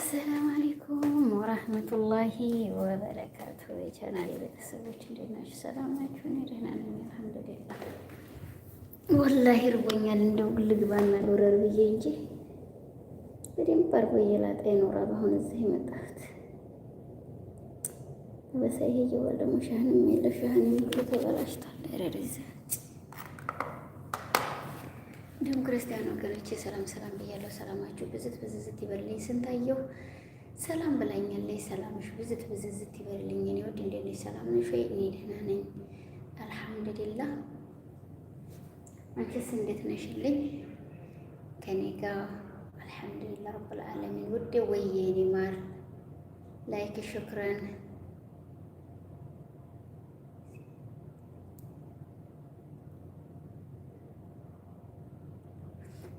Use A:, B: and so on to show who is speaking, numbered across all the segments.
A: አሰላም አለይኩም ወራህመቱላሂ ወበረካቱ። የቻናል ቤተሰቦች እንዴት ናችሁ? ሰላም ናችሁ? እኔ ደህና ነኝ አልሐምዱሊላህ። ወላሂ እርቦኛል። እንደው ልግባና ልውረር ብዬ እንጂ በደንብ አርጎ እየላጠ ይኖራል። አሁን እዚህ የመጣሁት በሳይ ሄጀ ወልደሞ ሻህንም የለ ሻህንም ተበላሽቷል ረሪዘ እንዲሁም ክርስቲያን ወገኖች ሰላም ሰላም ብያለሁ። ሰላማችሁ ብዝት ብዝዝት ይበልልኝ። ስንታየሁ ሰላም ብላኛለች። ሰላምሽ ብዝት ብዝዝት ይበልልኝ። እኔ ወድ እንደነ ሰላም ነሽ ወይ? እኔ ደህና ነኝ አልሐምዱሊላ። አንቺስ እንዴት ነሽልኝ? ከኔ ጋር አልሐምዱሊላ ረብል ዓለሚን። ውዴ ወዬ ማር ላይክ ሽክረን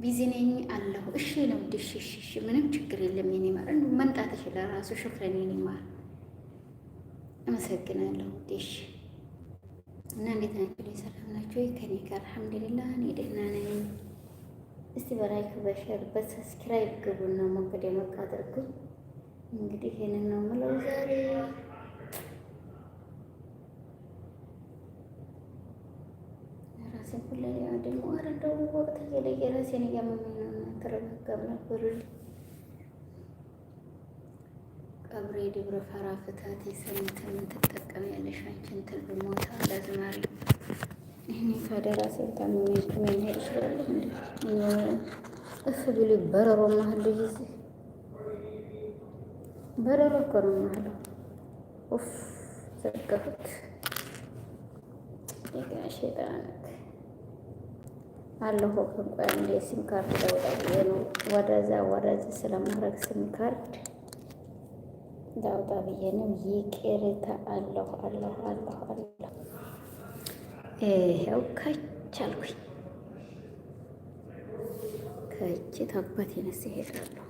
A: ቢዚ ነኝ አለሁ። እሺ ነው ድሽ እሺ፣ ምንም ችግር የለም። የኔ ማር መምጣትሽ ለራሱ ሽክረን የኔ ማር አመሰግናለሁ። ድሽ እና እንዴት ናቸው? ሰላም ናቸው ከኔ ጋር አልሐምዱሊላህ፣ እኔ ደህና ነኝ። እስቲ በላይክ በሸር በሰብስክራይብ ግቡና መንገድ የመቃ አድርጉ። እንግዲህ ይህንን ነው ምለው ዛሬ ስኩል ላይ ደግሞ ኧረ እንደው ወቅት እየለየ ራሴን እያመመኝ ነው። ተረጋጋ ብላ ብሩል ቀብሬ ድብረ ፈራ ፍታት የሰምትን ትጠቀም ያለሽ አንቺን ትል ለዝማሪ ይህኔ ካደ ታመመኝ ክሜን ሄድ እንዴ? እፍ ቢሉ በረሮ በረሮ አለሁ እንቆይ እንደ ሲም ካርድ ለውጣ ብዬ ነው ወደዛ ወደዚህ ስለማድረግ ሲም ካርድ ለውጣ ብዬ ነው። ይቅርታ አለሁ አለሁ አለሁ አለሁ። ይኸው ከች አልኩኝ። ከች ታባት ይነስ ይሄዳለሁ።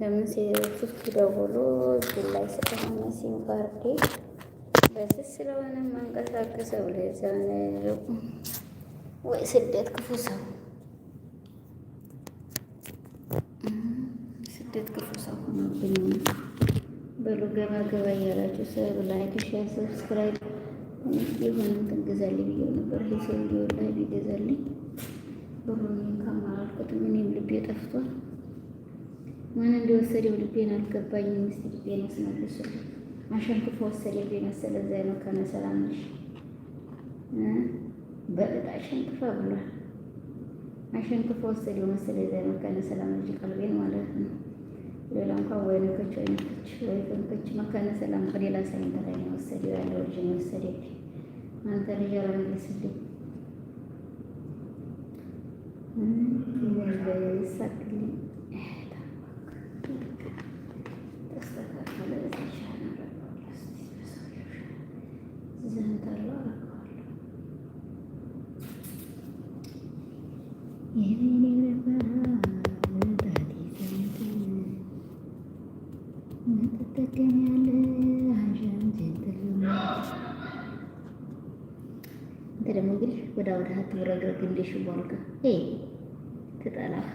A: ለምን ሴቶች ደውሎ እዚህ ላይ ስለሆነ ሲም ካርዴ በዚህ ስለሆነ ማንቀሳቀሰው ለዛ ነው ወይ ስደት ክፉ ሰው፣ ስደት ክፉ ሰው ሆኖብኝ በሉ። ገባ ገባ እያላችሁ ሰብ ላይክ፣ ሼር፣ ሰብስክራይብ የሆነ እንትን ግዛልኝ ብዬው ነበር። ይሄ ሰውዬው ላይ ቢገዛልኝ በሆኑ ከማላልኩትም እኔም ልቤ ጠፍቷል። ማን እንደወሰደው ልቤን አልገባኝም። እስኪ ልቤን አስመልሱ። አሸንክፎ ወሰደ ልቤን መሰለ እዛ ነው ከመሰላምሽ በእጣ አሸንክፈ ብሏል። አሸንክፈ ወሰደው መሰለኝ እዛ መካነ ሰላም ልጅ ቀልቤን ማለት ነው። ሌላ እንኳን ወይ ነከች ወይ ነከች ወይ ነከች መካነ ሰላም ከሌላ ሳይንት ላይ ነው ወሰደው ያለው ልጅ ነው ወሰደው። አንተ ልጅ አልመለስልኝ ይሳቅልኝ አንተ ደግሞ እንግዲህ ወደ ወደ አትብረግረግ እንደ ሽቦ አልጋ ትጠላህ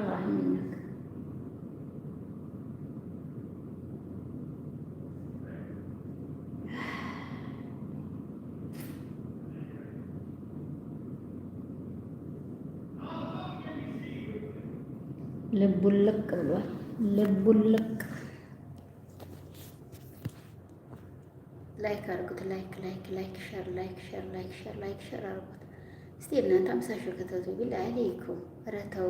A: አላህ ይመናክ ልቡን ልቅ ብሏል። ልቡን ልቅ ላይክ አድርጉት። ላይክ ላይክ ላይክ ሸር ላይክ ሸር ላይክ ሸር ላይክ ሸር አድርጉት። እስቲ እናንተ አምሳ ሺህ ከተቱ ቢል አለይኩም ረተው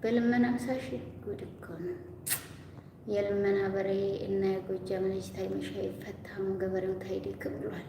A: በልመና አምሳ ሺህ ጉድ እኮ ነው። የልመና በሬ እና የጎጃም ልጅ ታይመሻ ይፈታሙ ገበሬው ታይዴ ብሏል።